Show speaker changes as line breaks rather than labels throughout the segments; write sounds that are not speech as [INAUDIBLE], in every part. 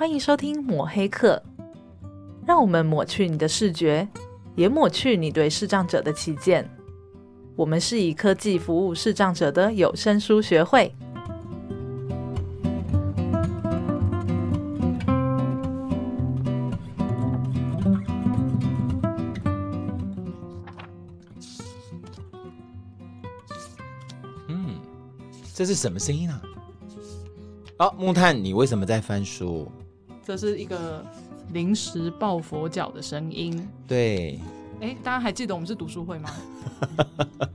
歡迎收聽抹黑客，讓我們抹去你的視覺，也抹去你對視障者的偏見。我們是以科技服務視障者的有聲書學會。
嗯，
這是什麼聲音啊？哦、啊，木炭，你為什麼在翻書？
這是一個臨時抱佛腳的聲音。對，哎，大家還記得我們是讀書會嗎？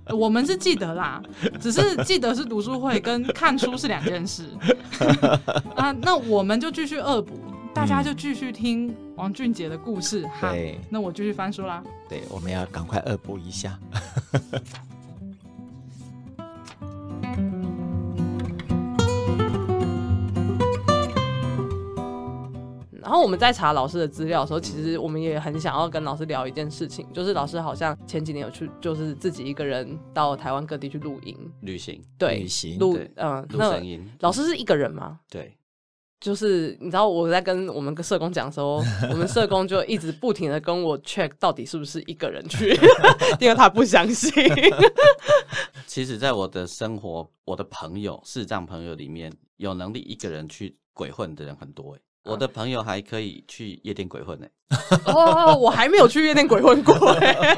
[LAUGHS] 我們是記得啦，只是記得是讀書會跟看書是兩件事 [LAUGHS] 啊。那我們就繼續惡補，大家就繼續聽王俊傑的故事。嗯、哈對，那我繼續翻書啦。
對，我們要趕快惡補一下。 [LAUGHS]
然後我們在查老師的資料的時候，其實我們也很想要跟老師聊一件事情，就是老師好像前幾年有去，就是自己一個人到台灣各地去錄音、
旅行，對，旅行、錄錄，對嗯，聲音。那老師是一
個人嗎？對，就是你知道我在跟我們跟社工講的時候，我們社工就一直不停的跟我 check 到底是不是一個人去， [LAUGHS] 因為他不相信。 [LAUGHS]
其實，在我的生活，我的朋友、視障朋友裡面，有能力一個人去鬼混的人很多哎。我的朋友還可以去夜店鬼混呢，哦，
我還沒有去夜店鬼混過哎，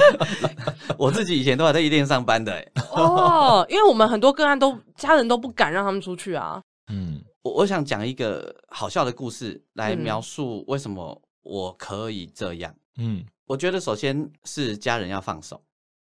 [LAUGHS] 我自己以前都還在夜店上班的
哎， [LAUGHS] 哦，因為我們很多個案都家人都不敢讓他們出去啊，嗯，
我我想講一個好笑的故事來描述為什麼我可以這樣，嗯，我覺得首先是家人要放手。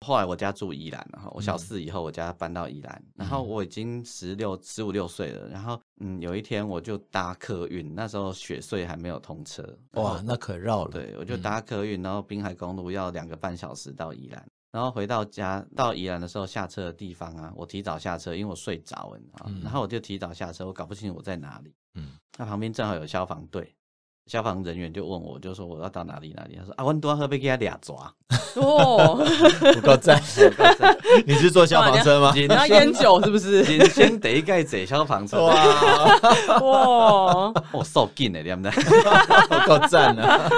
後來我家住宜蘭，然後我小四以後我家搬到宜蘭，嗯、然後我已經十六十五六歲了，然後嗯有一天我就搭客運，那時候雪隧還沒有通車，哇後那可繞了，對，我就搭客運，然後濱海公路要兩個半小時到宜蘭，嗯、然後回到家到宜蘭的時候下車的地方啊，我提早下車，因為我睡着了啊，然後我就提早下車，我搞不清我在哪裡，嗯，那旁邊正好有消防隊。消防人員就問我，就說我要到哪裡哪裡。他說啊，溫多喝杯，給他倆抓，哇，不贊，夠贊！你是坐消防車嗎？拿煙酒是不是？領先得一蓋嘴，消防車，哇哇，哇，受勁哎，兩我夠贊了。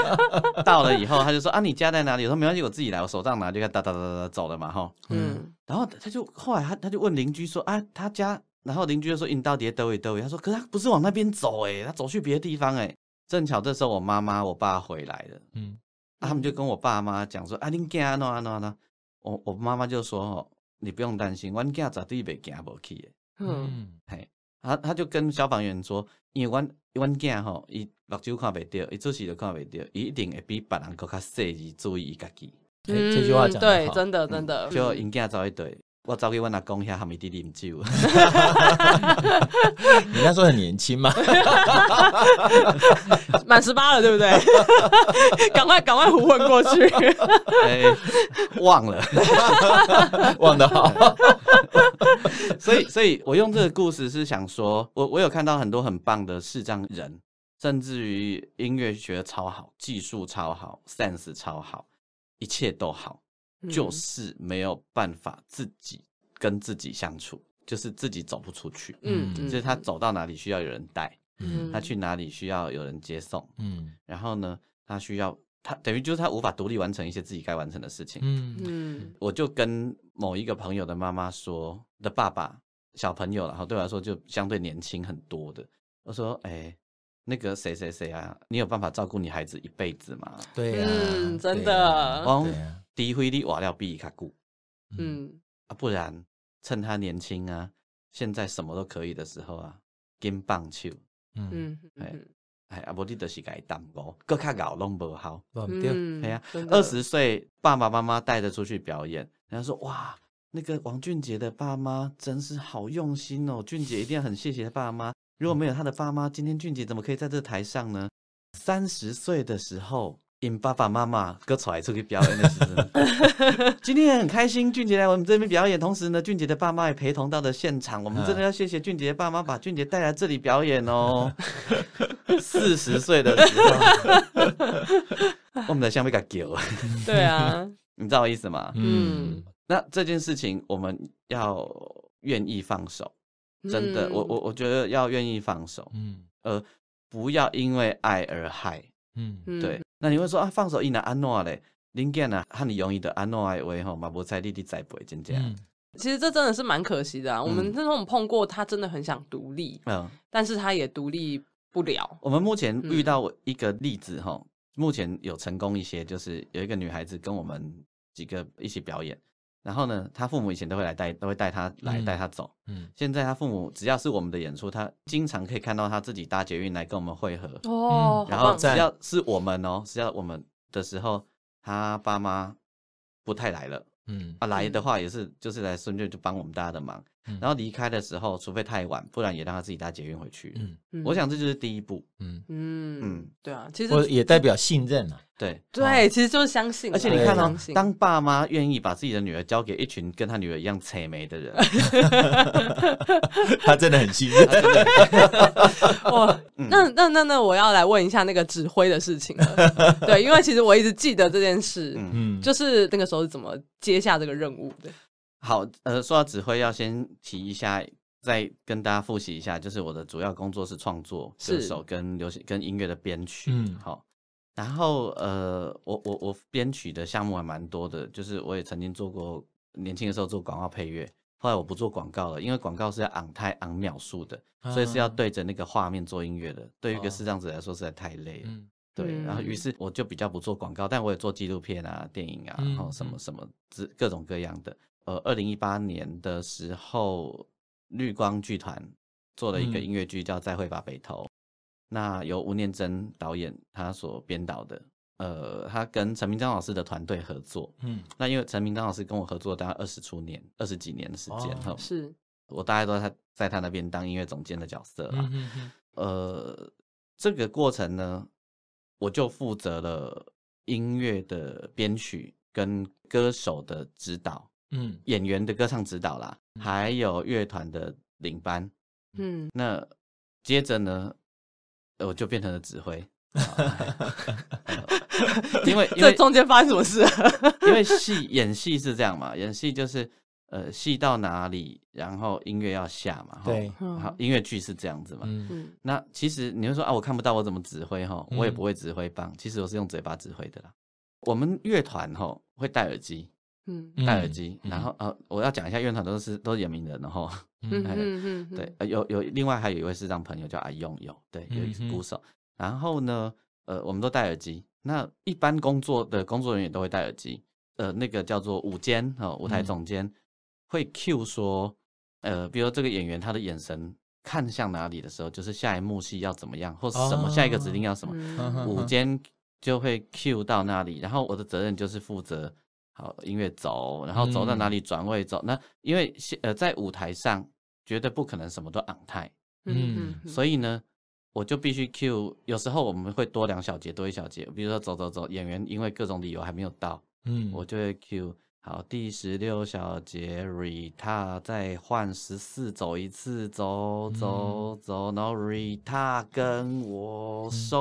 到了以後，他就說啊，你家在哪裡？我說沒關係，我自己來，我手上拿就開噠噠噠噠走了嘛，哈。嗯，然後他就後來他他就問鄰居說啊，他家，然後鄰居就說你到底在叨位叨位？他說可是他不是往那邊走哎，他走去別的地方哎。正巧這時候我媽媽、我爸回來了，
嗯，
啊、他們就跟我爸媽講說：“嗯、啊，恁囝安怎安怎啊，我我媽媽就說吼：“你不用擔心，我囝絕對袂驚無去的。”嗯，嘿，他他就跟消防員說：“因為阮阮囝吼，伊目睭看袂著，伊做事都看袂著，一定會比別人更加細緻注意家己。”嗯，對，對，真的真的。就應該找一堆。我早給問他講一下，他們弟弟唔記得
了。 [LAUGHS] 你那時候很年輕嘛，
滿十八了對不對？趕 [LAUGHS] 快趕快胡混過去。哎
[LAUGHS] 欸，
忘了，
[LAUGHS] 忘得
好。 [LAUGHS] 所以，
所以我用這個故事是想說，我我有看到很多很棒的視障人，甚至於音樂學超好，技術超好，sense 超好，一切都好。就是沒有辦法自己跟自己相處，就是自己走不出去。嗯，就是他走到哪裡需要有人帶，嗯，他去哪裡需要有人接送，嗯。然後呢，他需要他等於就是他無法獨立完成一些自己該完成的事情。嗯，我就跟某一個朋友的媽媽說，的爸爸，小朋友，然後對我來說就相對年輕很多的。我說，哎、欸。那個誰誰誰啊，你有辦法照顧你孩子一輩子嗎？對呀，
真的。王，
第一會力瓦料你卡顧，嗯啊，不然趁他年輕啊，現在什麼都可以的時候啊，跟棒球，
嗯
哎哎，阿伯你的是改當啵，哥卡搞弄不好，嗯對，哎呀，二十歲爸爸媽媽帶着出去表演，然後說哇，那個王俊杰的爸媽真是好用心哦，俊杰一定要很謝謝他爸媽。如果沒有他的爸媽，今天俊傑怎麼可以在這台上呢？三十歲的時候，因爸爸媽媽割出出去表演的時候， [LAUGHS] 今天也很開心，俊傑來我們這邊表演。同時呢，俊傑的爸媽也陪同到了現場。我們真的要謝謝俊傑的爸媽，把俊傑帶來這裡表演哦。四十歲的時候， [LAUGHS] 我們的相片給丟了。對啊，你知道我意思嗎？嗯。那這件事情，我們要願意放手。真的，嗯、我我我覺得要願意放手，嗯，而不要因為愛而害，嗯，對。那你會說啊，放手易呢，安諾嘞，林健呢，和你容易的阿諾愛為吼，馬伯菜，弟弟再不會漸。其
實這真的是蠻可惜的，啊，我們那時候碰過，他真的很想獨立，嗯，但是他也獨立不了。嗯、
我們目前遇到一個例子吼，目前有成功一些，就是有一個女孩子跟我們幾個一起表演。然後呢，他父母以前都會來帶，都會帶他來帶他走。嗯，嗯，現在他父母只要是我們的演出，他經常可以看到他自己搭捷運來跟我們會合。哦，然後只要是我們哦，只要我們的時候，他爸媽不太來了。嗯，啊來的話也是就是來深圳就幫我們大家的忙。然後離開的時候，除非太晚，不然也讓他自己搭捷運回去。嗯我想這就是第一步。嗯嗯對啊，其實也
代表信任了。
對
對，其實就是相信。而且你看，當
爸媽願意把自己的女兒交給一群跟他女兒一樣扯眉的人，
他真的很信任。哇，那那那那，我要來問一下那個指揮的事情了。對，因為其實我一直記得這件事。嗯嗯，就是那個時候怎麼接下這個任務的。
好，呃，說到指揮，要先提一下，再跟大家複習一下，就是我的主要工作是創作歌手跟流行跟音樂的編曲。嗯，好、哦，然後呃，我我我編曲的項目還蠻多的，就是我也曾經做過年輕的時候做廣告配樂，後來我不做廣告了，因為廣告是要昂太昂秒數的，所以是要對着那個畫面做音樂的，啊、對於一個視障者來說實在太累了。嗯、對，然後於是我就比較不做廣告，但我也做紀錄片啊、電影啊，嗯、然後什麼什麼這各種各樣的。呃，二零一八年的時候，綠光劇團做了一個音樂劇，叫《再會吧北投》，嗯、那由吳念真導演他所編導的，呃，他跟陳明章老師的團隊合作，嗯，那因為陳明章老師跟我合作大概二十出年、二十幾年的時間哈、哦，是，我大概都在他在他那邊當音樂總監的角色啦，嗯、哼哼，呃，這個過程呢，我就負責了音樂的編曲跟歌手的指導。嗯，演員的歌唱指導啦，嗯、還有樂團的領班，嗯，那接着呢，我、呃、就變成了指揮、
啊 [LAUGHS] 嗯。因為，因為這中間發生什麼事？ [LAUGHS] 因為戲
演戲是這樣嘛，演戲就是呃，戲到哪裡，然後音樂要下嘛，對，好，音樂劇是這樣子嘛。嗯，那其實你會說啊，我看不到我怎麼指揮哈，我也不會指揮棒，嗯、其實我是用嘴巴指揮的啦。我們樂團吼會戴耳機。嗯，戴耳機，嗯、然後呃、嗯啊，我要講一下樂團都是都是演名的人，然後，嗯嗯嗯，對，有有另外還有一位視障朋友叫阿勇，勇，對，有一隻鼓手。然後呢，呃，我們都戴耳機。那一般工作的工作人員也都會戴耳機。呃，那個叫做舞監哈，舞、哦、台總監會 Q 說，嗯、呃，比如這個演員他的眼神看向哪裡的時候，就是下一幕戲要怎麼樣，或是什麼、哦、下一個指令要什麼，嗯、舞監就會 Q 到那裡。然後我的責任就是負責。音樂走，然後走到哪裡轉位走。嗯、走那因為現呃在舞台上絕對不可能什麼都 on time。嗯，所以呢，我就必須 Q。有時候我們會多兩小節，多一小節，比如說走走走，演員因為各種理由還沒有到，嗯，我就會 Q。好，第十六小節 Rita 再換十四走一次，走走走，然後 Rita 跟我收。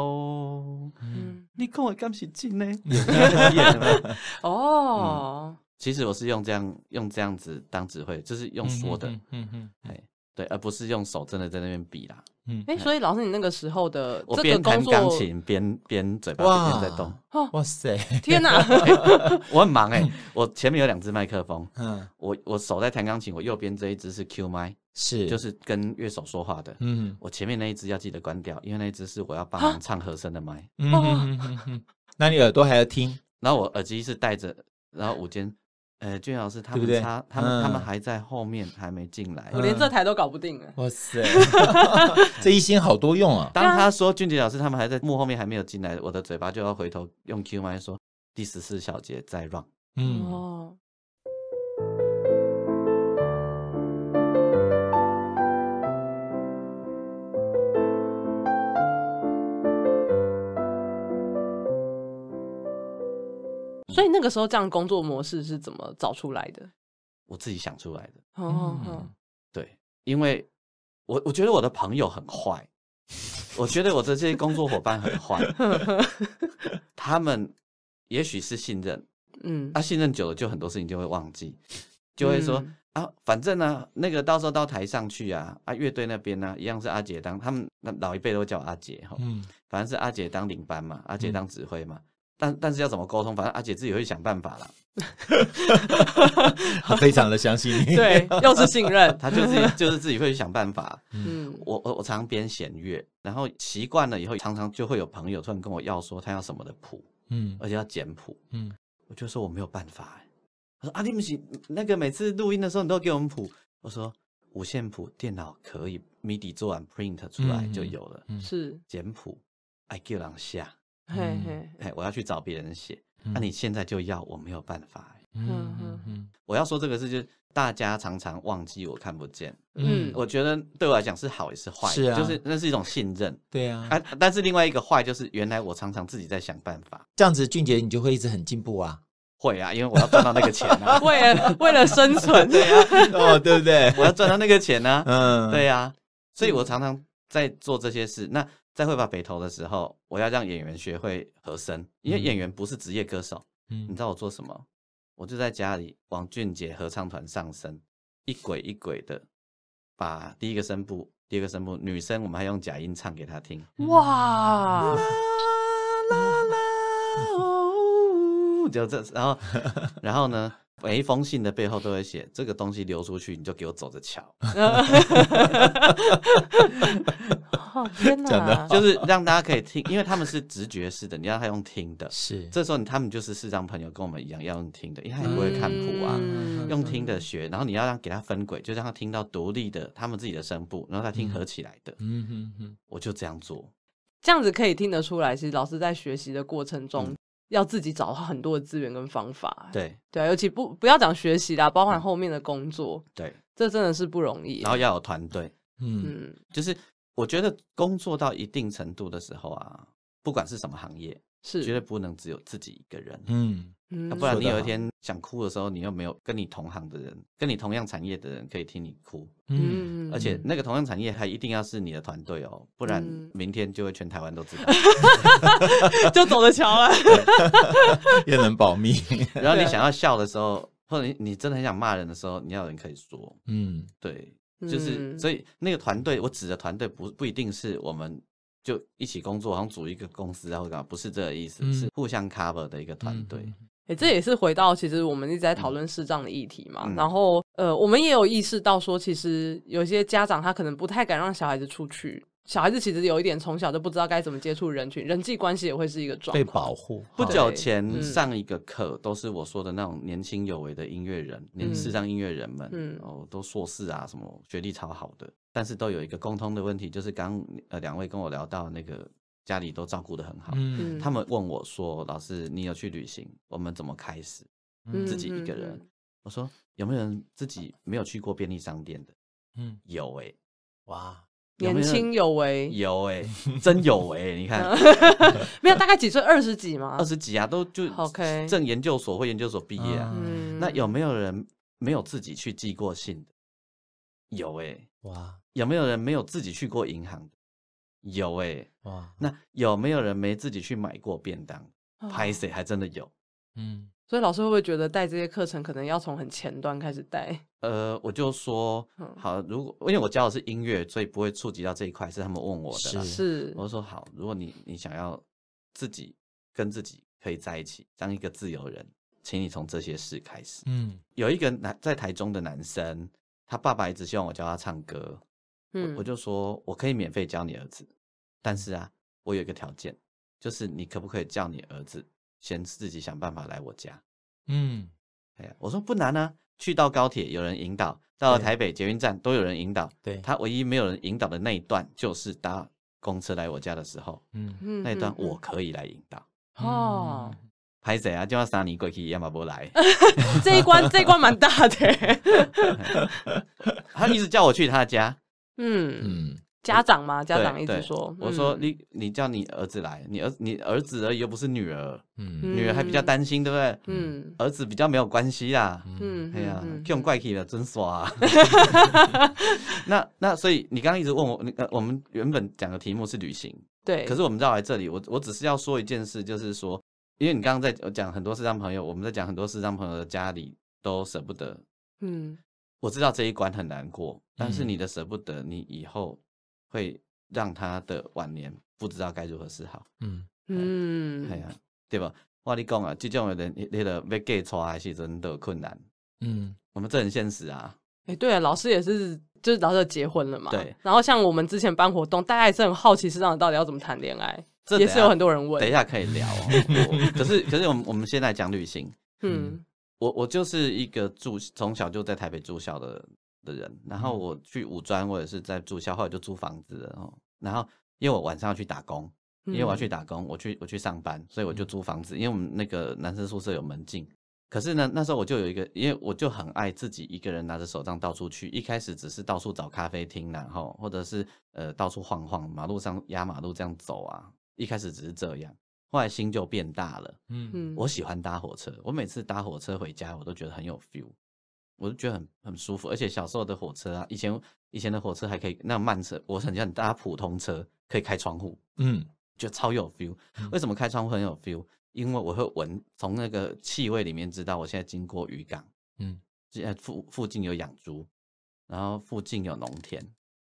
嗯嗯、你講話敢是真呢？演了哦。其實我是用這樣用這樣子當指揮，就是用說的，嗯哼，嗯哼，嗯哼，嗯哼對，對，而不是用手真的在那邊比啦。哎、嗯欸，所
以老師，你那個時候的這個工作，我邊彈鋼琴，
邊邊嘴巴邊邊哇在動。
哇塞，
[LAUGHS] 天哪！
[LAUGHS] 我很忙哎、欸，我前面有兩只麥克風，嗯，我我手在彈鋼琴，我右邊這一只是 Q 麥是，是就是跟樂手說話的，嗯哼，我前面那一只要記得關掉，因為那一只是我要幫忙唱和聲的麥、啊。嗯哼哼哼哼，那你耳朵還要聽？ [LAUGHS] 然後我耳機是戴着，然後五間。哎，俊杰老師他們他、嗯、他們他們還在後面還沒進來，我連這台
都搞不定了。
哇塞、嗯，oh,
[LAUGHS] 這一心好多用啊！當
他說、啊、俊杰
老師他們還在
幕後面還沒有進來，我的嘴巴就要回頭用 QY 說第十四小節再 run。嗯、
哦
所以那個時候，這樣的工作模式是怎麼找出來的？
我自己想出來的。哦、嗯，對，因為我我覺得我的朋友很壞， [LAUGHS] 我覺得我的這些工作夥伴很壞， [LAUGHS] 他們也許是信任，嗯，啊，信任久了就很多事情就會忘記，就會說、嗯、啊，反正呢、啊，那個到時候到台上去啊，啊，樂隊那邊呢、啊，一樣是阿傑當，他們那老一輩都叫阿傑哈，嗯、反正是阿傑當領班嘛，阿傑當指揮嘛。嗯但但是要怎麼溝通？反正阿姐自己會想辦法了。
[LAUGHS] 非常的相信
你， [LAUGHS] 對，又是信任， [LAUGHS] 他就是就是自己會去想辦法。嗯，我我我常編弦樂，然後習慣了以後，常常就會有朋友突然跟我要說他要什麼的譜，嗯，而且要簡譜，
嗯，
我就說我沒有辦法、欸。他說阿弟木那個每次錄音的時候你都給我們譜，我說五線譜電腦可以，MIDI 做完 print 出來就有了，嗯嗯嗯是簡譜，I get on 下。嘿嘿，我要去找別人寫。那你現在就要，我沒有辦法。嗯嗯嗯，我要說這個事，就是大家常常忘記我看不見。嗯，我覺得對我來講是好也是壞，是啊，就是那是一種信任。對啊，但是另外一個壞就是，原來我常常自己在想辦法。
這樣子，俊杰你就會一直很進步啊。
會啊，因為我要賺到那個錢啊，為了為了生存，對啊，哦，對不對？我要賺到那個錢啊，嗯，對啊，所以我常常在做這些事。那在會吧北投的時候，我要讓演員學會和聲，嗯、因為演員不是職業歌手。嗯、你知道我做什麼？我就在家裡，王俊傑合唱團上身，一軌一軌的把第一個聲部，第二個聲部，女生我們還用假音唱給她聽。
哇啦啦啦，
哦哦！就這，然後， [LAUGHS] 然後呢？每一封信的背後都會寫，這個東西流出去，你就給我走着瞧。好，天哪。真的。 [LAUGHS] 就是讓大家可以聽，因為他們是直覺式的，你要讓他用聽的。是，這時候他們就是視障朋友，跟我們一樣要用聽的，因為他也不會看譜啊，嗯、用聽的學。然後你要讓給他分軌，就讓他聽到獨立的他們自己的聲部，然後他聽合起來的。嗯哼哼，我就這樣做，
這樣子可以聽得出來，其實老師在學習的過程中、嗯。要自己找很多的資源跟方法，對對、啊，尤其不不要講學習啦，嗯、包含後面的工作，對，這真的是不容易。然後
要有團隊，嗯，就是我覺得工作到一定程度的時候啊，不管是什麼行業。是絕對不能只有自己一個人，
嗯，啊、不然你有一
天想哭的時候，嗯、你又沒有跟你同行的人，跟你同樣產業的人可以聽你哭，嗯，而且那個同樣產業還一定要是你的團隊哦，不然明天就會全台灣都知
道， [LAUGHS] [LAUGHS] 就走着瞧啊， [LAUGHS] [LAUGHS]
也能保密。 [LAUGHS] 然後你想要笑的時候，或者你真的很想罵人的時候，你要有人可以說，嗯，對，就是，嗯，所以那個團隊，我指的團隊不不一定是我們。就一起工作，好像組一個公司，然後幹嘛？不是這個意思，嗯、是互相 cover 的一個團隊。哎、嗯
嗯嗯欸，這也是回到其實我們一直在討論視障的議題嘛。嗯、然後，呃，我們也有意識到說，其實有些家長他可能不太敢讓小孩子出去。小孩子其實有一點從小就不知道該怎麼接觸人群，人際關係也會是一個狀況。被保護。不久前上
一個課，都是我說的那種年輕有為的音樂人，年輕視障音樂人們，嗯，哦，都碩士啊，什麼學歷超好的。但是都有一個共通的問題，就是剛呃兩位跟我聊到那個家裡都照顧得很好，嗯，他們問我說，老師你有去旅行？我們怎麼開始自己一個人？我說，有沒有人自己沒有去過便利商店的？有
哎，哇，年輕有為，有
哎，真有哎，你看
沒有大概幾歲？二十幾嗎？二十
幾啊，都就 OK，正研究所或研究所畢業啊，那有沒有人沒有自己去寄過信的？有哎，哇。有沒有人沒有自己去過銀行？有哎、欸，哇！那有沒有人沒自己去買過便當？拍謝、哦、還真的有。
嗯，所以老師會不會覺得帶這些課程可能要從很前端開始帶？
呃，我就說好，如果因為我教的是音樂，所以不會觸及到這一塊，是他們問我的。是，我說好，如果你你想要自己跟自己可以在一起，當一個自由人，請你從這些事開始。嗯，有一個男在台中的男生，他爸爸一直希望我教他唱歌。我就說，我可以免費教你兒子，但是啊，我有一個條件，就是你可不可以叫你兒子先自己想辦法來我家？嗯，哎呀，我說不難啊，去到高鐵有人引導，到台北捷運站都有人引導，對，他唯一沒有人引導的那一段就是搭公車來我家的時候，
嗯，那一段我
可以來引導。嗯、
哦，
孩誰、嗯、啊，就要殺你鬼去要馬波來，
[LAUGHS] 這一關 [LAUGHS] 這一關蠻大的，
[LAUGHS] [LAUGHS] 他一直叫我去他家。
嗯嗯，嗯家長嘛，家長一直說，對對嗯、我說
你你叫你兒子來，你兒你兒子而已，又不是女兒，嗯、女兒還比較擔心，對不對？嗯，兒子比較沒有關係啦。
嗯，哎呀，這
種怪氣的真爽。那那所以你剛剛一直問我，呃，我們原本講的題目是旅行，對，可是我們繞來這裡，我我只是要說一件事，就是說，因為你剛剛在講很多視障朋友，我們在講很多視障朋友的家裡都捨不得，嗯。我知道這一關很難過，但是你的捨不得，你以後會讓他的晚年不知道該如何是好。
嗯嗯，
對，嗯對吧？我跟你講啊，這種人，呢個要改錯，是真的困難。嗯，我們這很現實啊。
誒、欸，對啊，老師也是，就是老師結婚了嘛。對。然後，像我們之前辦活動，大家也是很好奇，是視障者到底要怎麼談戀愛，也是有很多人問。等
一下可以聊，哦。 [LAUGHS] 可是，可是我們，我我們現在講旅行。嗯。嗯我我就是一個住從小就在台北住校的的人，然後我去五專，我也是在住校，後來就租房子了，然後因為我晚上要去打工，因為我要去打工，我去我去上班，所以我就租房子，因為我們那個男生宿舍有門禁，可是呢，那時候我就有一個，因為我就很愛自己一個人拿着手杖到處去，一開始只是到處找咖啡廳，然後或者是呃到處晃晃，馬路上壓馬路這樣走啊，一開始只是這樣。後來心就變大了。嗯，我喜歡搭火車，我每次搭火車回家，我都覺得很有 feel，我都覺得很很舒服。而且小時候的火車啊，以前以前的火車還可以，那慢車，我很想搭普通車，可以開窗戶，嗯，就超有 feel，嗯。為什麼開窗戶很有 feel？因為我會聞從那個氣味裡面知道我現在經過漁港，嗯，現在附附近有養豬，然後附近有農田，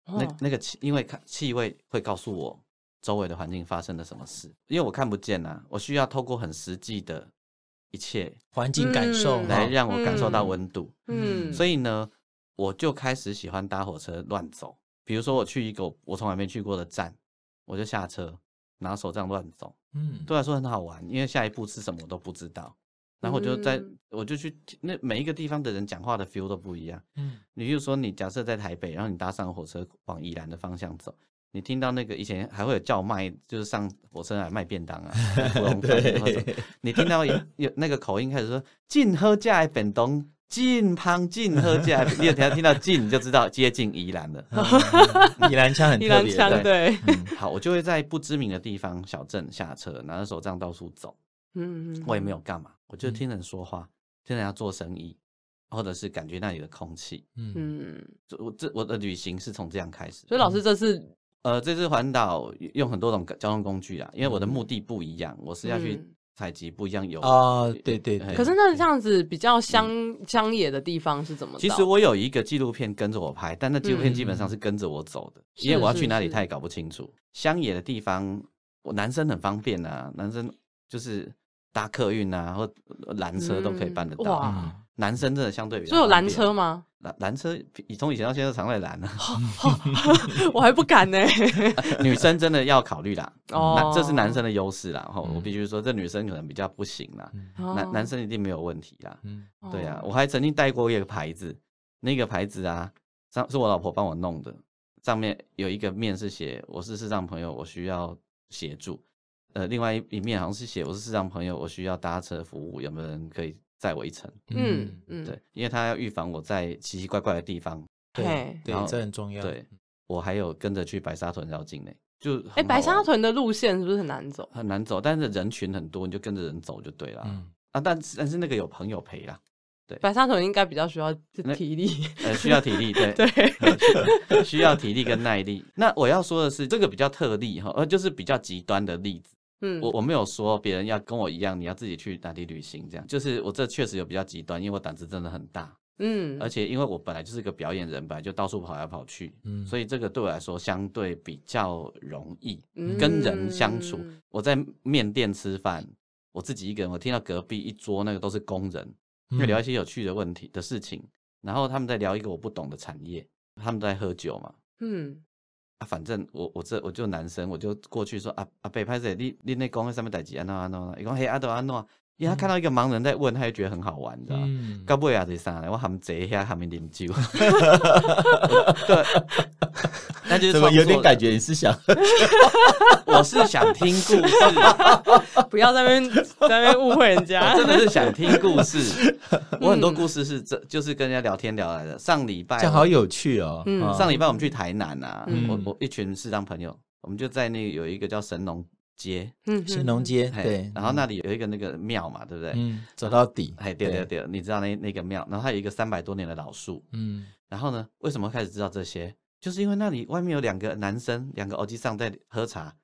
哦，那那個氣因為氣味會告訴我。周圍的環境發生了什麼事，因為我看不見吶、啊，我需要透過很實際的一切環境感受來讓我感受到溫度嗯。嗯，嗯，所以呢，我就開始喜歡搭火車亂走。比如說，我去一個我從來沒去過的站，我就下車，拿手杖亂走。嗯，對來說很好玩，因為下一步是什麼我都不知道。然後我就在，嗯、我就去那每一個地方的人講話的 feel 都不一樣。嗯，你就說你假設在台北，然後你搭上火車往宜蘭的方向走。你聽到那個以前還會有叫賣，就是上火車來賣便當啊。 [LAUGHS] 對 你聽到有有那個口音開始說“進 [LAUGHS] 喝加本便當，進旁進喝加來”，你只要聽到“進”就知道接近宜蘭
了。 [LAUGHS] 宜蘭腔很特別。對，對嗯、
好，我就會在不知名的地方小鎮下車，拿着手杖到處走。嗯，
我也沒
有幹嘛，我就聽人說話，嗯、聽人家做生意，或者是感覺那裡的空氣。
嗯，
我這我的旅行是從這樣開始，所以老師這次。呃，這次環島用很多種交通工具啊，因為我的目的不一樣，嗯、我是要去採集不一樣有啊，對對對。有可是
那這樣子比較鄉鄉野的地方是怎麼、嗯？其實
我有一個紀錄片跟着我拍，但那紀錄片基本上是跟着我走的，嗯、因為我要去哪裡，他也搞不清楚。鄉野的地方，我男生很方便吶、啊，男生就是搭客運啊，或攔車都可以辦得到。嗯、哇，嗯、男生真的相對比較方便。所以有攔車嗎？攔車，你從以前到現在都常在攔呢，
我還不敢呢。
女生真的要考慮啦，哦，oh. 這是男生的優勢啦，我必須說，這女生可能比較不行啦，oh. 男男生一定沒有問題啦，oh. 對呀，啊，我還曾經帶過一個牌子，oh. 那個牌子啊，上是我老婆幫我弄的，上面有一個面是寫我是視障朋友，我需要協助，呃，另外一面好像是寫我是視障朋友，我需要搭車服務，有沒有人可以？帶我一程，嗯嗯，對，嗯、因為他要預防我在奇奇怪怪的地方，對，對然後對這很重要。對，我還有跟着去白沙屯繞境呢，就哎、欸，白沙
屯的路線是不是很難走？很
難走，但是人群很多，你就跟着人走就對了。嗯、啊，但是但是那個有朋友陪啦，對，
白沙屯應該比較需要體力，呃，需要體力，對 [LAUGHS] 對，
[LAUGHS] 需要體力跟耐力。那我要說的是，這個比較特例哈，呃，就是比較極端的例子。嗯、我我沒有說別人要跟我一樣，你要自己去哪裡旅行，這樣就是。我這確實有比較極端，因為我膽子真的很大，嗯，而且因為我本來就是個表演人，本來就到處跑來跑去，嗯，所以這個對我來說相對比較容易，嗯、跟人相處。我在麵店吃飯，我自己一個人，我聽到隔壁一桌那個都是工人，因為聊一些有趣的問題的事情，然後他們在聊一個我不懂的產業，他們都在喝酒嘛，嗯。反正我我這我就男生，我就過去說啊啊，伯，拍謝你你那公司上面代誌按怎按怎，伊講嘿啊都按怎，因為他看到一個盲人在問，他也覺得很好玩的，你知道嗎？嗯，到尾也是啥嘞，我含坐遐含咪啉酒，他
就是怎麼有點感覺？你是想， [LAUGHS] 我是想聽故事， [LAUGHS] 不要在那邊在那邊誤會人家。真的是想聽故事。
我很多故事是這就是跟人家聊天聊來的。上禮拜這好有趣哦。上禮拜我們去台南啊，我我一群視障朋友，我們就在那個有一個叫神農街，嗯，神農街對。對 然後那裡有一個那個廟嘛，對不對，嗯？走到底。哎，對對對，對 你知道那那個廟，然後它有一個三百多年的老樹，嗯。然後呢，為什麼開始知道這些？就是因為那裡外面有兩個男生，兩個歐吉桑在喝茶，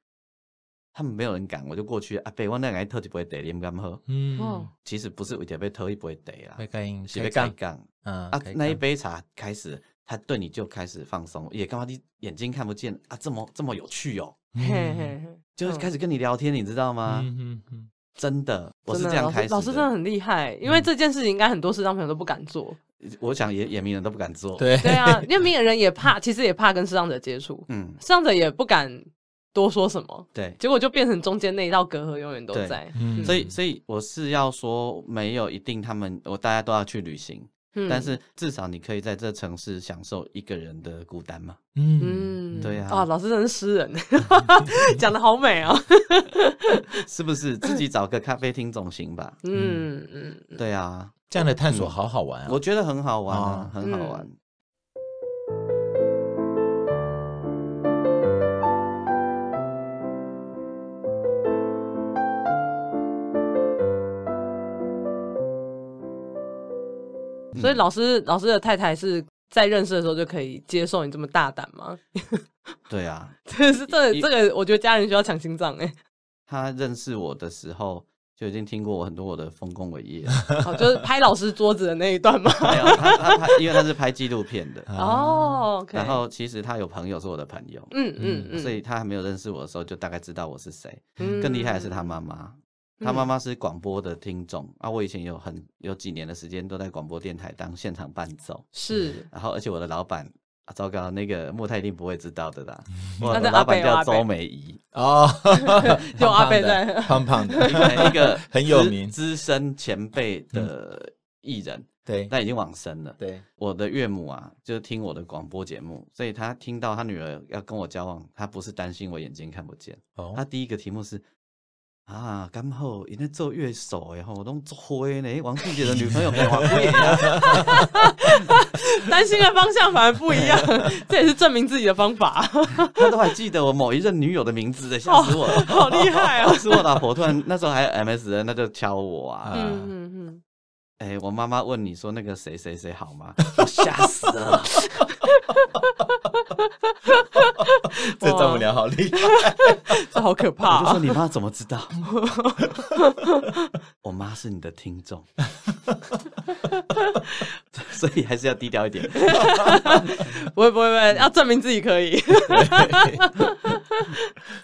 他們沒有人敢，我就過去啊。阿伯，那裡我討一杯茶，你們敢不敢喝？嗯，其實不是為了要討一杯茶啦，會開槓，會開槓啊。啊那一杯茶開始，他對你就開始放鬆，也幹嘛？你眼睛看不見啊？這麼這麼有趣哦，嘿嘿嘿就是開始跟你聊天，你知道嗎？嗯、哼哼真的，我是這樣開始老。老師
真的很厲害，因為這件事情應該很多視障朋友都不敢做。
我想也，也也明眼人都不敢做。對對啊，
因為明眼人也怕，嗯、其實也怕跟視障者接觸。嗯，視障者也不敢多說什麼。對，結果就變成中間那一道隔閡永遠都在。對嗯、所以，
所以我是要說，沒有一定，他們我大家都要去旅行。但是至少你可以在這城市享受一個人的孤單嘛？嗯，對呀、啊。啊，
老師真是詩人，講 [LAUGHS] 的好美啊、喔，
[LAUGHS] 是不是？自己找個咖啡廳總行吧。嗯嗯，對啊，這樣的探索好好玩啊，我覺得很好玩、啊，哦、很好玩。嗯、所以
老師，老師的太太是在認識的時候就可以接受你這麼大膽嗎？對啊， [LAUGHS] 這個是這這個，一這個我覺得家人需要搶心臟哎、
欸。他認識我的時候就已經聽過我很多我的豐功偉業， [LAUGHS] 哦，就是
拍老師桌子的那一段嗎？ [LAUGHS] 有他他因為他
是拍紀錄片的哦，oh, okay. 然後其實他有朋友是我的朋友，嗯嗯，嗯所以他還沒有認識我的時候就大概知道我是誰。嗯、更厲害的是他媽媽。他媽媽是廣播的聽眾啊，我以前有很有幾年的時間都在廣播電台當現場伴奏，是、嗯。然後，而且我的老板，啊、糟糕，那個莫太一定不會知道的啦。 [LAUGHS] 我的老板叫周美儀哦，有阿貝在，胖胖的，一 [LAUGHS] 個很有名資,資深前輩的藝人，嗯、對，但已經往生了。對，我的岳母啊，就是聽我的廣播節目，所以他聽到他女兒要跟我交往，他不是擔心我眼睛看不見、哦、她他第一個題目是。啊，剛好人家做樂手，然後我都做灰呢。王俊傑的女朋友跟王菲，
擔 [LAUGHS] [LAUGHS] 心的方向反而不一樣。這也是證明自己的方法。
[LAUGHS] 他都還記得我某一任女友的名字在嚇死我了、哦！好厲害啊！嚇死 [LAUGHS] 我了！我突然那時候還有 MSN 那就敲我啊。嗯嗯嗯。
哎、
嗯嗯欸，我媽媽問你說那個誰誰誰好嗎？我、哦、
嚇死了。 [LAUGHS]
[LAUGHS] 這丈母娘好厲害，
這好可怕。我就說你媽怎麼知道？
我媽是你的聽眾，
所以還是要低調一點。不會不會不會，要證明自己
可以。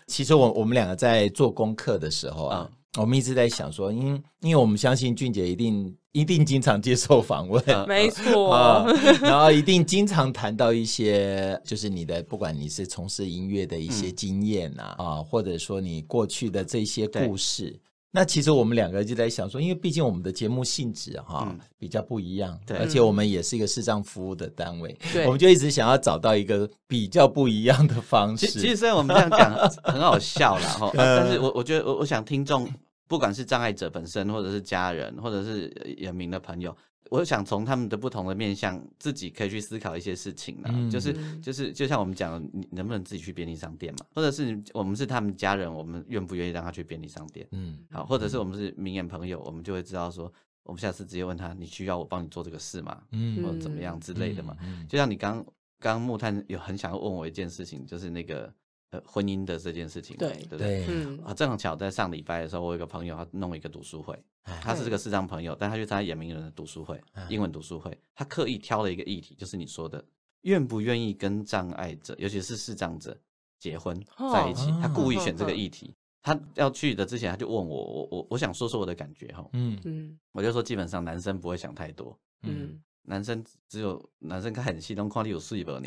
其實我們我們兩個在做功課的時候啊。我們一直在想說，因因為我們相信俊杰一定一定經常接受訪問，沒錯、啊，然後一定經常談到一些就是你的，不管你是從事音樂的一些經驗啊，嗯、啊，或者說你過去的這些故事。對那其實我們兩個就在想說，因為畢竟我們的節目性質哈、啊嗯、比較不一樣，對而且我們也是一個視障服務的單位，對、嗯，我們就一直想要找到一個比較不一樣的方式。對其實雖然我們這樣講 [LAUGHS] 很好笑啦哈， [LAUGHS] 但是我
我覺得我我想聽眾。不管是障礙者本身，或者是家人，或者是明眼的朋友，我想從他們的不同的面向，自己可以去思考一些事情呢、啊。嗯、就是就是，就像我們講，你能不能自己去便利商店嘛？或者是我們是他們家人，我們願不願意讓他去便利商店？嗯，好，或者是我們是明眼朋友，嗯、我們就會知道說，我們下次直接問他，你需要我幫你做這個事嗎？嗯，或者怎麼樣之類的嘛。嗯嗯嗯、就像你剛剛木炭有很想要問我一件事情，就是那個。呃、婚姻的這件事情、欸，對對對，啊，嗯、正好巧在上禮拜的時候，我有一個朋友，他弄了一個讀書會，嗯、他是這個視障朋友，嗯、但他去參加眼明人的讀書會，嗯、英文讀書會，他刻意挑了一個議題，就是你說的，願不願意跟障礙者，尤其是視障者結婚、哦、在一起？他故意選這個議題，哦哦、他要去的之前，他就問我，我我我想說說我的感覺哈，嗯嗯，我就說基本上男生不會想太多，嗯。嗯男生只有男生，看很激動，框，你有四業婆。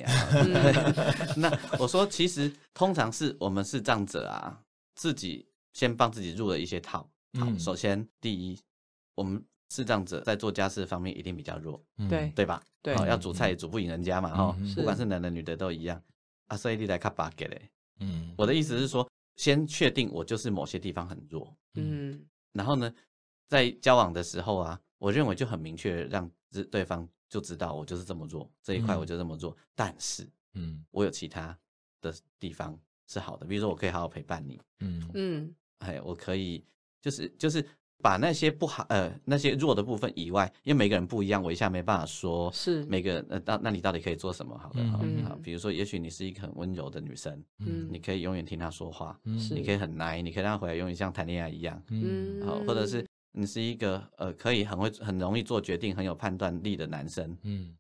那我說，其實通常是我們視障者啊，自己先幫自己入了一些套。首先第一，我們視障者，在做家事方面一定比較弱。對，對吧？對喔、要煮菜也煮不贏人家嘛。哈，不管是男的女的都一樣。啊，所以你得靠爸給嘞。嗯，
我的意思
是說，先確定我就是某些地方很弱。嗯，然後呢，在交往的時候啊，我認為就很明確讓。是對方就知道我就是這麼做，這一塊我就這麼做，嗯、但是嗯，我有其他的地方是好的，比如說我可以好好陪伴你，嗯嗯，哎，我可以就是就是把那些不好呃那些弱的部分以外，因為每個人不一樣，我一下沒辦法說，是每個呃到那你到底可以做什麼好？好的，嗯，好，比如說也許你是一個很溫柔的女生，嗯，你可以永遠聽她說話，嗯，你可以很 nice，是你可以讓她回來，永遠像談戀愛一樣，嗯，好，或者是。你是一個呃，可以很會、很容易做決定、很有判斷力的男生，嗯，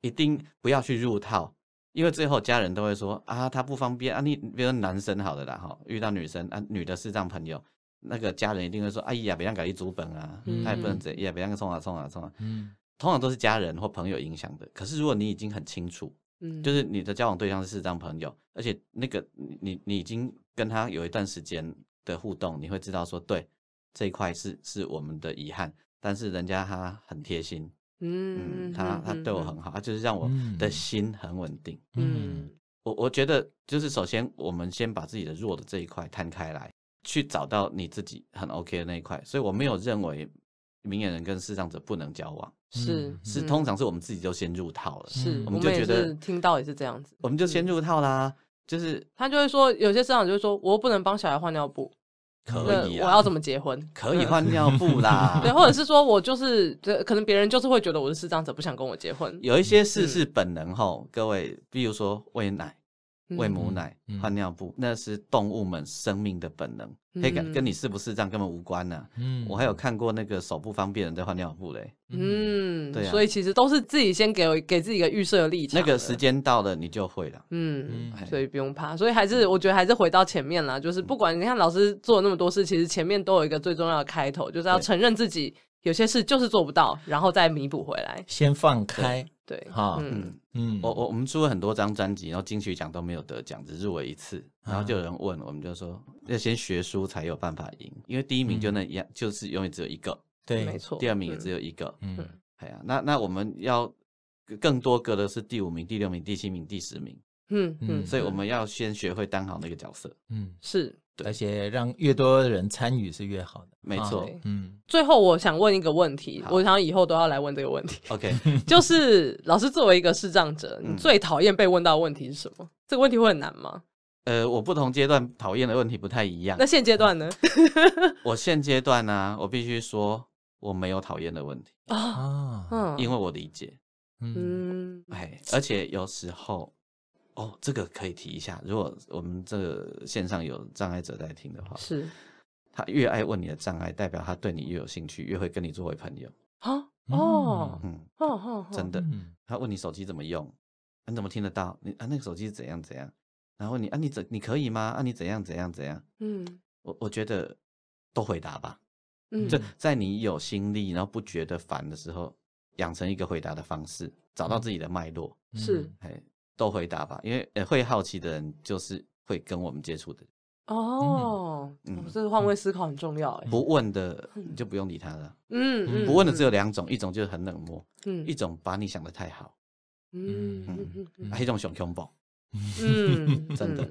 一定不要去入套，因為最後家人都會說啊，他不方便啊。你比如說男生好的啦，哈，遇到女生啊，女的是視障朋友，那個家人一定會說，哎、啊、呀，別讓搞一組本啊，嗯、他也不能怎樣，別讓送啊送啊送啊，啊啊啊嗯，通常都是家人或朋友影響的。可是如果你已經很清楚，嗯，就是你的交往對象是視障朋友，嗯、而且那個你你已經跟他有一段時間的互動，你會知道說對。這一塊是是我們的遺憾，但是人家他很貼心，嗯，
嗯，他他對我很
好，嗯、他就是讓我的心很穩定，嗯，我我覺得就是首先我們先把自己的弱的這一塊攤開來，去找到你自己很 OK 的那一塊，所以我沒有認為明眼人跟視障者不能交往，是是，通常是我們自己就先入套了，是，嗯、我們就覺得聽到也是這樣子，我們就先入套啦，嗯、就是
他就會說，有些視障者就會說，我又不能幫小孩換尿布。可以、啊，我要怎麼結婚？可以換尿布啦，嗯、 [LAUGHS] 對，或者是說我就是，可能別人就是會覺得我是視障者，不想跟我結婚。有一些事是
本能吼、嗯、各位，比如說餵奶。餵母奶、換尿布，那是動物們生命的本能，跟跟你是不是這樣根本無關呢。嗯，我還有看過那個手不方便人在換尿布嘞。
嗯，對
啊。所以
其實都是自己先給給自己一個預設立場。那個
時間到了，你就會
了。嗯，所以不用怕。所以還是我覺得還是回到前面啦，就是不管你看老師做了那麼多事，其實前面都有一個最重要的開頭，就是要承認自己有些事就是做不到，然後再彌補回來。
先放
開。對，哈、哦，嗯嗯，嗯我我我們出了很多張專輯，然後金曲獎都沒有得獎，只入圍一次，然後就有人問，啊、我們就說要先學輸才有辦法贏，因為第一名就那樣，嗯、就是永遠只有一個，對，沒錯，第二名也只有一個，嗯，對、啊。那那我們要更多個的是第五名、第六名、第七名、第十名，嗯嗯，嗯所以我
們要先學會當好那個角色，嗯，是。而且讓越多人參與
是越好的，沒錯。嗯，最後我想問一個問題，我想以後都要來問這個問題。OK，就是老師作為一個視障者，你最討厭被問到的問題是什麼？這個問題會很難嗎？
呃，我不同階段討厭的問題不太一樣。那現階段呢？我現階段呢，我必須說我沒有討厭的問題
啊，因為我理解，嗯，哎，而
且有時候。哦，這個可以提一下。如果我們這個線上有障礙者在聽的話，是，他越愛問你的障礙，代表他對你越有興趣，越會跟你作為朋友。
啊，哦，嗯，真的，
他問你手機怎麼用，你怎麼聽得到？你啊，那個手機是怎樣怎樣？然後你啊，你怎你可以嗎？啊，你怎樣怎樣怎樣？嗯，我我覺得都回答吧。嗯，就在你有心力，然後不覺得煩的時候，養成一個回答的方式，找到自己的脈絡。是，都回答吧，因為呃，會好奇的人就是會跟我們接觸的。
哦，嗯，這個換位思考很重要。哎，
不問的你就不用理他
了。
嗯，不問的
只有兩種，一種就是很冷漠，嗯，一種把你想得太好，
嗯嗯，還有一
種最恐怖。嗯，
真的，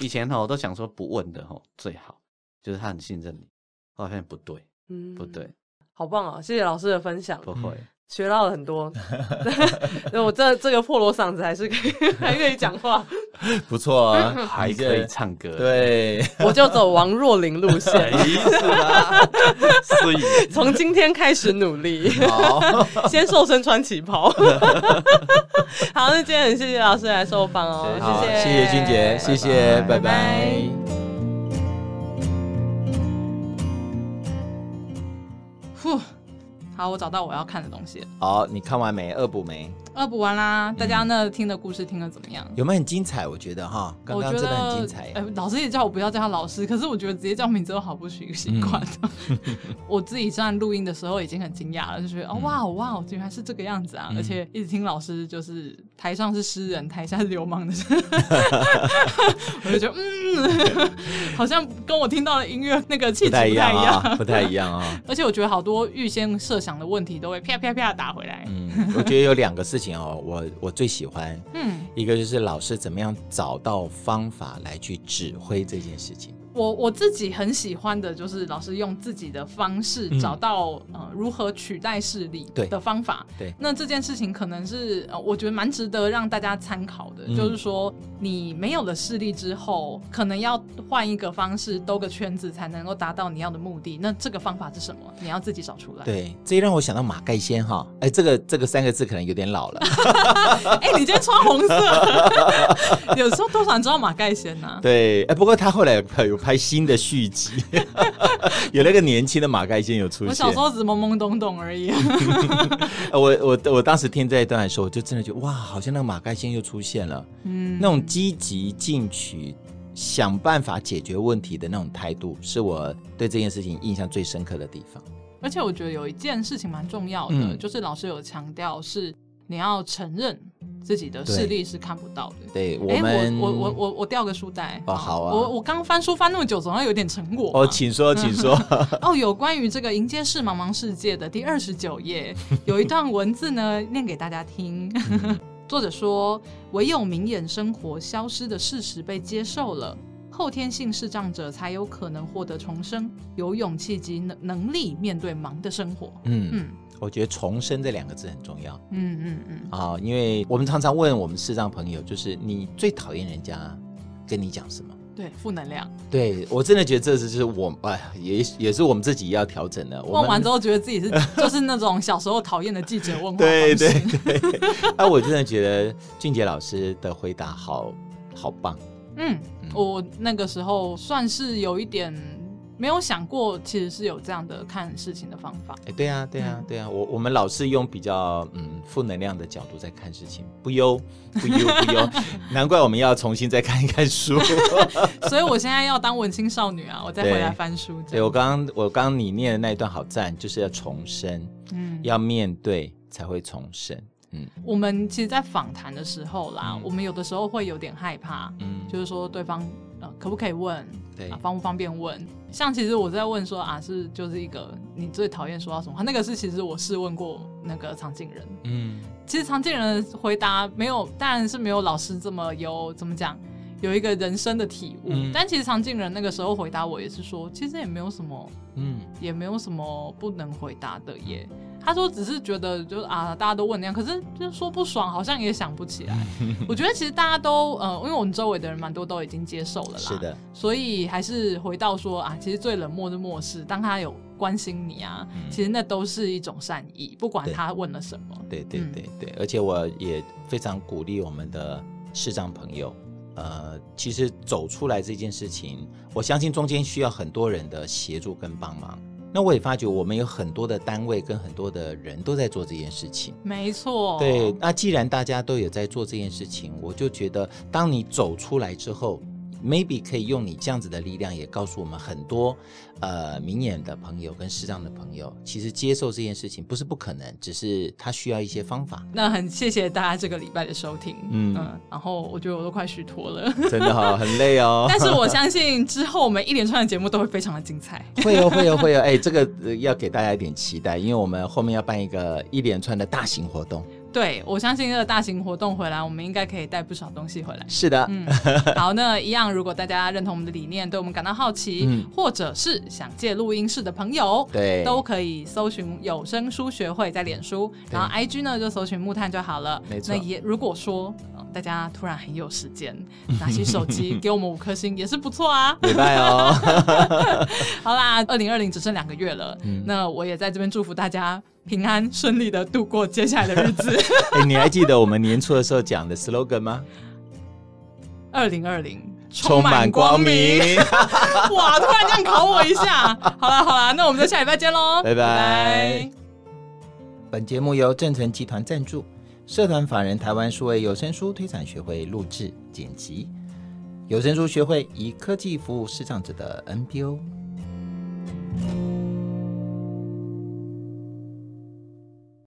以前哈我都想說不問的哈最好，就是他很信任你，發現不對，嗯，不對，
好棒啊！謝謝老師的分享。不會。學到了很多，那 [LAUGHS] [LAUGHS] 我這這個破鑼嗓子還是可以，還可以講話，
[LAUGHS] 不錯啊，還可以唱歌。 [LAUGHS] 對，對 [LAUGHS] 我
就走王若琳路線，是 [LAUGHS] 從今天開始努力， [LAUGHS] 先瘦身穿旗袍。 [LAUGHS] 好，那今天很謝謝老師來受訪哦，是好謝謝，謝謝俊傑，謝謝，拜拜。呼。好，我找到我要看的東西。
好，哦，你看完沒？惡補沒？
惡補完啦！大家那聽的故事聽得怎麼樣、嗯？
有沒有很精彩？我覺得哈，剛剛真的很精
彩。哎，欸，老師也叫我不要叫他老師，可是我覺得直接叫名字都好不習慣。嗯、 [LAUGHS] 我自己在錄音的時候已經很驚訝了，就覺得哦，哇哇，原來是這個樣子啊！嗯、而且一直聽老師，就是台上是詩人，台下是流氓的人， [LAUGHS] 我就覺得嗯。 [LAUGHS] 好像跟我聽到的音樂那個氣質不太一樣，不太一樣，哦，不太一樣啊、哦！ [LAUGHS] 而且我覺得好多預先設想的問題都會啪啪啪打回來，
嗯。我覺得有兩個事情哦， [LAUGHS] 我我最喜歡，嗯，一個就是老師怎麼樣找到方法來去指揮這件事情。
我我自己很喜歡的就是老師用自己的方式找到、嗯、呃如何取代視力的方法。對，對，那這件事情可能是、呃、我覺得蠻值得讓大家參考的，嗯、就是說你沒有了視力之後，可能要換一個方式兜個圈子才能夠達到你要的目的。那這個方法是什麼？你要自己找出來。對，
這讓我想到馬蓋先哈。哎，這個這個三個字可能有點老
了。哎， [LAUGHS] 你今天穿紅色， [LAUGHS] [LAUGHS] 有時候多少人知道馬蓋先啊。
對，哎，不過他後來拍新的續集， [LAUGHS] 有那個年輕的馬蓋先有出現。我小時候
只懵懵懂懂而已。
[LAUGHS] [LAUGHS] 我我我當時聽這一段的時候，我就真的覺得哇，好像那個馬蓋先又出現了。嗯，那種積極進取、想辦法解決問題的那種態度，是我對這件事情印象最深刻的地方。
而且我覺得有一件事情蠻重要的，嗯、就是老師有強調是。你要承認自己的視力對是看不到的。對，欸、我們我我我我掉個書袋。好啊。我我剛翻書翻那麼久，總要有點成果。哦，
請說，請說。
[LAUGHS]
哦，有關於這個迎接視茫茫世界的第二十九頁， [LAUGHS] 有一段文字呢，念給大家聽。 [LAUGHS] 嗯、作者說：“唯有明眼生活消失的事實被接受了，後天性視障者才有可能獲得重生，有勇氣及能能力面對盲的生活。”嗯嗯。嗯。
我覺得重生這兩個字很重要。嗯
嗯嗯。
嗯嗯啊，因為我們常常問我們視障朋友，就是你最討厭人家跟你講什麼？
對，負能量。
對我真的覺得這是就是我哎，也也是我們自己要調整的。我問完之後
覺得自己是 [LAUGHS] 就是那種小時候討厭的記者問話。對對
對。哎、 [LAUGHS] 啊，我真的覺得俊杰老師的回答好好棒。
嗯，我那個時候算是有一點。沒有想過，其實是有這樣的看事情的方法。哎、欸，對啊，對啊，嗯、
對啊，我我們老是用比較嗯負能量的角度在看事情，不憂不憂不憂， [LAUGHS] 難怪我們要重新再看一看書。
[LAUGHS] 所以我現在要當文青少女啊，我再回來翻書。對，對，對我
剛剛，我剛剛你念的那一段好贊，就是要重生，嗯，要面對才會重生。
嗯，我們其實，在訪談的時候啦，嗯、我們有的時候會有點害怕，嗯，就是說對方。可不可以問？對、啊，方不方便問？像其實我在問說啊，是就是一個你最討厭說到什麼話？那個是其實我是問過那個常靜人，嗯，其實常靜人的回答沒有，當然是沒有老師這麼有怎麼講，有一個人生的體悟。嗯、但其實常靜人那個時候回答我也是說，其實也沒有什麼，嗯，也沒有什麼不能回答的耶。嗯他說：“只是覺得就，就是啊，大家都問那樣，可是就是說不爽，好像也想不起來。 [LAUGHS] 我覺得其實大家都，呃，因為我們周圍的人蠻多都已經接受了啦。是的，所以還是回到說啊，其實最冷漠的漠視，當他有關心你啊，嗯、其實那都是一種善意，不管他問了什麼。對，
對對對、嗯、對，而且我也非常鼓勵我們的視障朋友，呃，其實走出來這件事情，我相信中間需要很多人的協助跟幫忙。”那我也發覺，我們有很多的單位跟很多的人都在做這件事情。
沒錯，對。
那既然大家都有在做這件事情，我就覺得，當你走出來之後，Maybe 可以用你這樣子的力量，也告訴我們很多，呃，明眼的朋友跟視障的朋友，其實接受這件事情不是不可能，只是他需要一些方法。
那很謝謝大家這個禮拜的收聽，嗯、嗯然後我覺得我都快虛脫了，真的好、哦、很
累哦。 [LAUGHS] 但是我相
信之後我們一連串的節目都會非常的精彩， [LAUGHS] 會有、哦、會有、哦、會有、哦，
哎、欸，這個要給大家一點期待，因為我們後面要辦一個一連串的大型活動。
對，我相信這個大型活動回來，我們應該可以帶不少東西回來。是的，嗯，好，那一樣，如果大家認同我們的理念，對我們感到好奇，嗯、或者是想借錄音室的朋友，對，都可以搜尋有聲書學會在臉書，對然後 IG 呢就搜尋木炭就好了。沒錯那也如果說大家突然很有時間，拿起手機給我們五顆星 [LAUGHS] 也是不錯啊。沒錯哦。 [LAUGHS] 好啦，二零二零只剩兩個月了，嗯、那我也在這邊祝福大家。平安順利的度過接下來的日子
[LAUGHS] 欸。你還記得我們年初的時候講的 slogan 嗎？
二零二零
充滿光明。光
明 [LAUGHS] 哇，突然這樣考我一下。 [LAUGHS] 好啦好啦，那我們就下禮拜見嘍。拜
拜 bye。本節目由正成集團贊助，社團法人台灣數位有聲書推廣學會錄製剪輯，有聲書學會以科技服務視障者的 NPO。